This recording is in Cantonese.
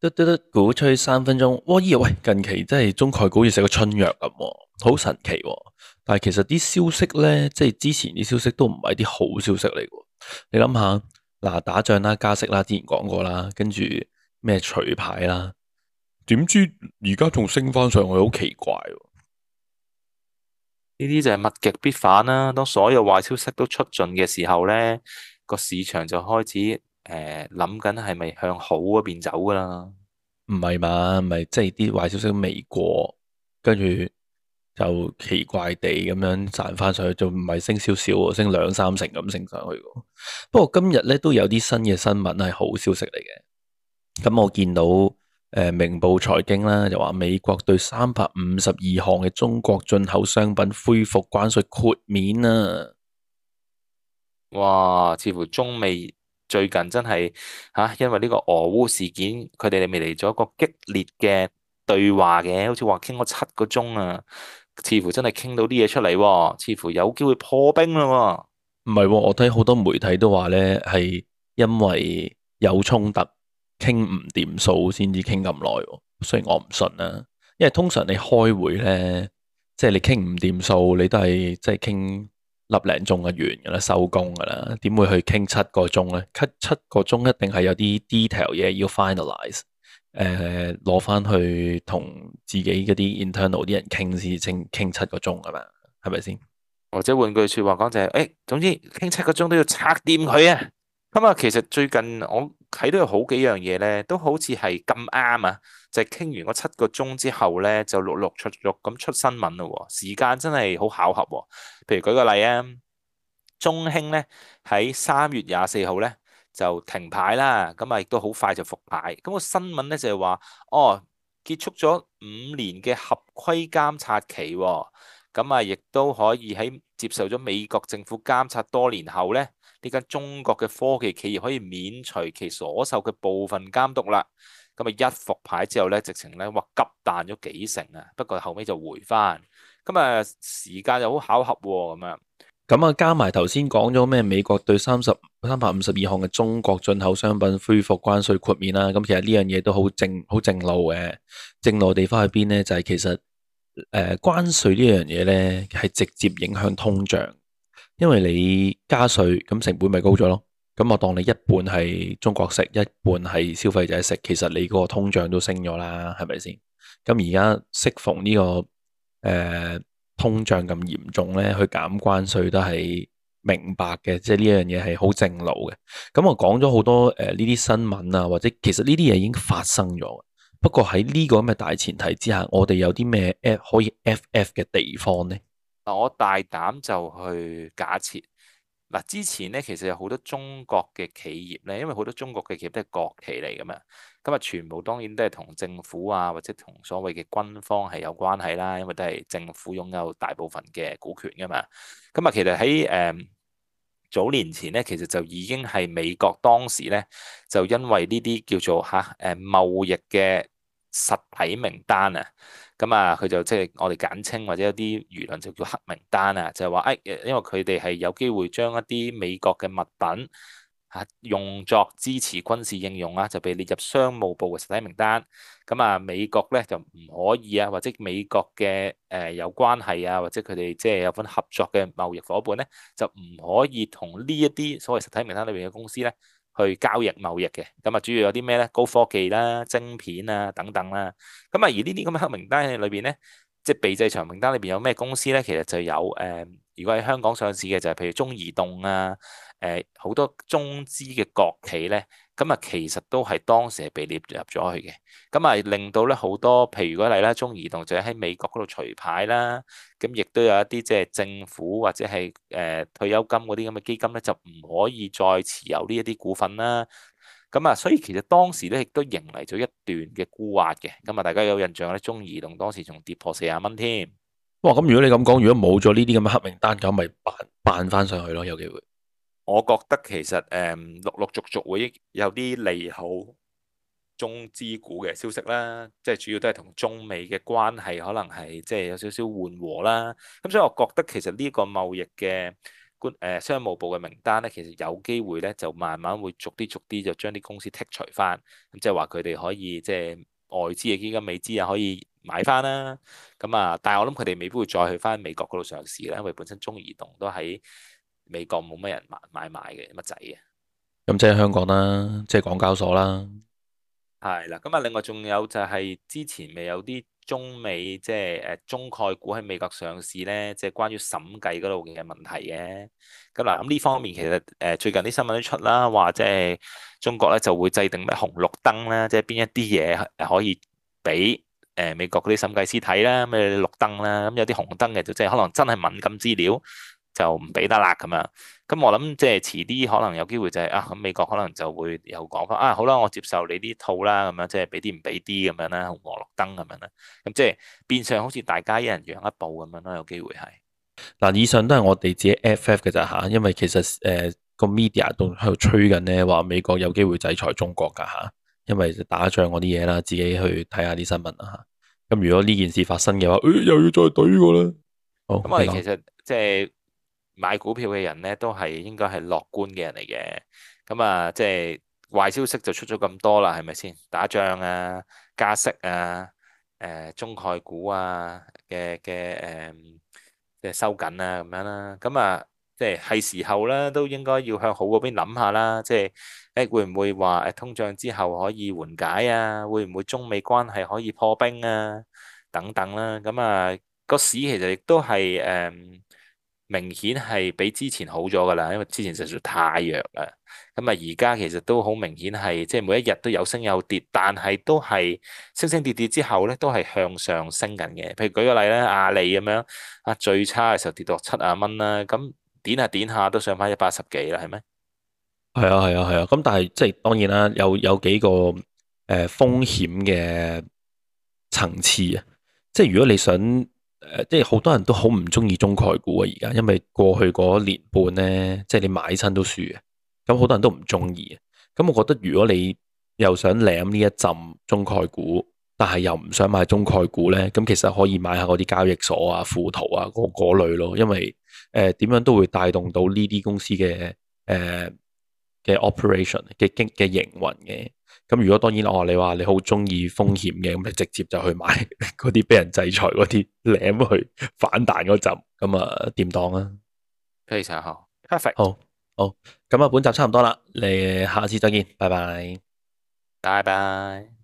得得得，股吹三分鐘，哇！咦喂，近期真係中概股要食個春藥咁，好神奇、啊。但係其實啲消息咧，即係之前啲消息都唔係啲好消息嚟。你諗下，嗱，打仗啦、啊，加息啦、啊，之前講過啦，跟住咩除牌啦、啊，點知而家仲升翻上去，好奇怪、啊。呢啲就係物極必反啦、啊。當所有壞消息都出盡嘅時候咧，個市場就開始。誒，諗緊係咪向好嗰邊走噶啦？唔係嘛，咪即係啲壞消息未過，跟住就奇怪地咁樣賺翻上去，就唔係升少少，升兩三成咁升上去。不過今日咧，都有啲新嘅新聞係好消息嚟嘅。咁、嗯、我見到誒、呃《明報財經》啊啦，就話美國對三百五十二項嘅中國進口商品恢復關稅豁免啊！哇，似乎中美。最近真係嚇、啊，因為呢個俄烏事件，佢哋未嚟咗一個激烈嘅對話嘅，好似話傾咗七個鐘啊，似乎真係傾到啲嘢出嚟喎，似乎有機會破冰啦喎、啊。唔係喎，我睇好多媒體都話咧，係因為有衝突傾唔掂數先至傾咁耐，雖然我唔信啊，因為通常你開會咧，即係你傾唔掂數，你都係即係傾。立零鐘嘅完嘅啦，收工㗎喇，點會去傾七個鐘咧？七七個鐘一定係有啲 detail 嘢要 finalize，誒攞翻去同自己嗰啲 internal 啲人傾事，傾傾七個鐘㗎嘛，係咪先？或者換句説話講就係、是，誒、哎、總之傾七個鐘都要拆掂佢啊！今日其實最近我。睇到有好幾樣嘢咧，都好似係咁啱啊！就係傾完嗰七個鐘之後咧，就陸陸續續咁出新聞咯。時間真係好巧合喎。譬如舉個例啊，中興咧喺三月廿四號咧就停牌啦，咁啊亦都好快就復牌。咁個新聞咧就係話，哦，結束咗五年嘅合規監察期，咁啊亦都可以喺接受咗美國政府監察多年後咧。呢間中國嘅科技企業可以免除其所受嘅部分監督啦。咁啊，一復牌之後咧，直情咧哇急彈咗幾成啊！不過後尾就回翻。咁、嗯、啊，時間又好巧合喎，咁樣。咁啊，加埋頭先講咗咩？美國對三十三百五十二項嘅中國進口商品恢復關稅豁免啦。咁其實呢樣嘢都好正，好正路嘅。正路嘅地方喺邊咧？就係、是、其實誒、呃、關稅呢樣嘢咧，係直接影響通脹。因為你加稅，咁成本咪高咗咯。咁我當你一半係中國食，一半係消費者食，其實你嗰個通脹都升咗啦，係咪先？咁而家適逢呢、這個誒、呃、通脹咁嚴重咧，去減關稅都係明白嘅，即係呢樣嘢係好正路嘅。咁我講咗好多誒呢啲新聞啊，或者其實呢啲嘢已經發生咗。不過喺呢個咁嘅大前提之下，我哋有啲咩 F 可以 FF 嘅地方咧？嗱，我大膽就去假設，嗱，之前咧其實有好多中國嘅企業咧，因為好多中國嘅企業都係國企嚟噶嘛，咁啊全部當然都係同政府啊或者同所謂嘅軍方係有關係啦，因為都係政府擁有大部分嘅股權噶嘛，咁啊其實喺誒、嗯、早年前咧，其實就已經係美國當時咧，就因為呢啲叫做嚇誒貿易嘅實體名單啊。咁啊，佢就即係、就是、我哋簡稱或者一啲輿論就叫黑名單啊，就係話誒，因為佢哋係有機會將一啲美國嘅物品嚇、啊、用作支持軍事應用啊，就被列入商務部嘅實體名單。咁啊，美國咧就唔可以啊，或者美國嘅誒、呃、有關係啊，或者佢哋即係有份合作嘅貿易夥伴咧，就唔可以同呢一啲所謂實體名單裏邊嘅公司咧，去交易貿易嘅，咁啊，主要有啲咩咧？高科技啦、晶片啊等等啦、啊，咁啊而呢啲咁嘅黑名單裏邊咧，即係被制裁名單裏邊有咩公司咧？其實就有誒、呃，如果喺香港上市嘅就係、是、譬如中移動啊，誒、呃、好多中資嘅國企咧。咁啊，其實都係當時係被列入咗去嘅，咁啊令到咧好多，譬如講例啦，中移動就喺美國嗰度除牌啦，咁亦都有一啲即係政府或者係誒退休金嗰啲咁嘅基金咧，就唔可以再持有呢一啲股份啦。咁啊，所以其實當時咧亦都迎嚟咗一段嘅孤惑嘅。咁啊，大家有印象咧，中移動當時仲跌破四十蚊添。哇！咁如果你咁講，如果冇咗呢啲咁嘅黑名單咁，咪扮扮返上去咯，有機會。我覺得其實誒、嗯、陸陸續續會有啲利好中資股嘅消息啦，即係主要都係同中美嘅關係可能係即係有少少緩和啦。咁所以我覺得其實呢個貿易嘅官誒商務部嘅名單咧，其實有機會咧就慢慢會逐啲逐啲就將啲公司剔除返，咁即係話佢哋可以即係外資嘅基金、美資又可以買返啦。咁啊，但係我諗佢哋未必會再去返美國嗰度上市啦，因為本身中移動都喺美國冇乜人買買賣嘅乜仔嘅，咁即係香港啦，即係港交所啦，係啦。咁啊，另外仲有就係之前咪有啲中美即係誒中概股喺美國上市咧，即係關於審計嗰度嘅問題嘅。咁嗱，咁呢方面其實誒最近啲新聞都出啦，話即係中國咧就會制定咩紅綠燈啦，即係邊一啲嘢可以俾誒美國嗰啲審計師睇啦，咩綠燈啦，咁有啲紅燈嘅就即係可能真係敏感資料。就唔俾得啦咁樣，咁我諗即係遲啲可能有機會就係、是、啊，咁美國可能就會有講法。啊，好啦，我接受你啲套啦，咁、啊、樣即係俾啲唔俾啲咁樣啦，紅黃綠燈咁樣啦，咁、啊、即係變相，好似大家一人讓一步咁樣咯，都有機會係嗱，以上都係我哋自己 FF 嘅咋吓，因為其實誒個 media 都喺度吹緊咧，話美國有機會制裁中國噶吓，因為打仗嗰啲嘢啦，自己去睇下啲新聞啊吓，咁如果呢件事發生嘅話，誒、哎、又要再懟我啦，咁啊、哦、其實即、就、係、是。買股票嘅人咧，都係應該係樂觀嘅人嚟嘅。咁啊，即係壞消息就出咗咁多啦，係咪先？打仗啊，加息啊，誒中概股啊嘅嘅誒，即係收緊啊咁樣啦。咁啊，即係係時候啦，都應該要向好嗰邊諗下啦。即係誒，會唔會話誒通脹之後可以緩解啊？會唔會中美關係可以破冰啊？等等啦。咁啊，個市其實亦都係誒。嗯明顯係比之前好咗噶啦，因為之前實在太弱啦。咁啊，而家其實都好明顯係，即係每一日都有升有跌，但係都係升升跌跌之後咧，都係向上升緊嘅。譬如舉個例咧，阿里咁樣啊，最差嘅時候跌到七啊蚊啦，咁點下點下都上翻一百十幾啦，係咪？係啊係啊係啊，咁、啊啊、但係即係當然啦，有有幾個誒風險嘅層次啊，即係如果你想。誒、呃，即係好多人都好唔中意中概股啊！而家因為過去嗰年半咧，即係你買親都輸嘅，咁好多人都唔中意。咁我覺得如果你又想舐呢一浸中概股，但係又唔想買中概股咧，咁其實可以買下嗰啲交易所啊、富途啊嗰嗰，那個、類咯，因為誒點、呃、樣都會帶動到呢啲公司嘅誒嘅 operation 嘅經嘅營運嘅。咁如果當然，我、哦、你話你好中意風險嘅，咁你直接就去買嗰啲俾人制裁嗰啲，舐去反彈嗰陣，咁啊掂當啊？非常好，perfect，好好，咁啊，本集差唔多啦，你下次再見，拜拜，拜拜。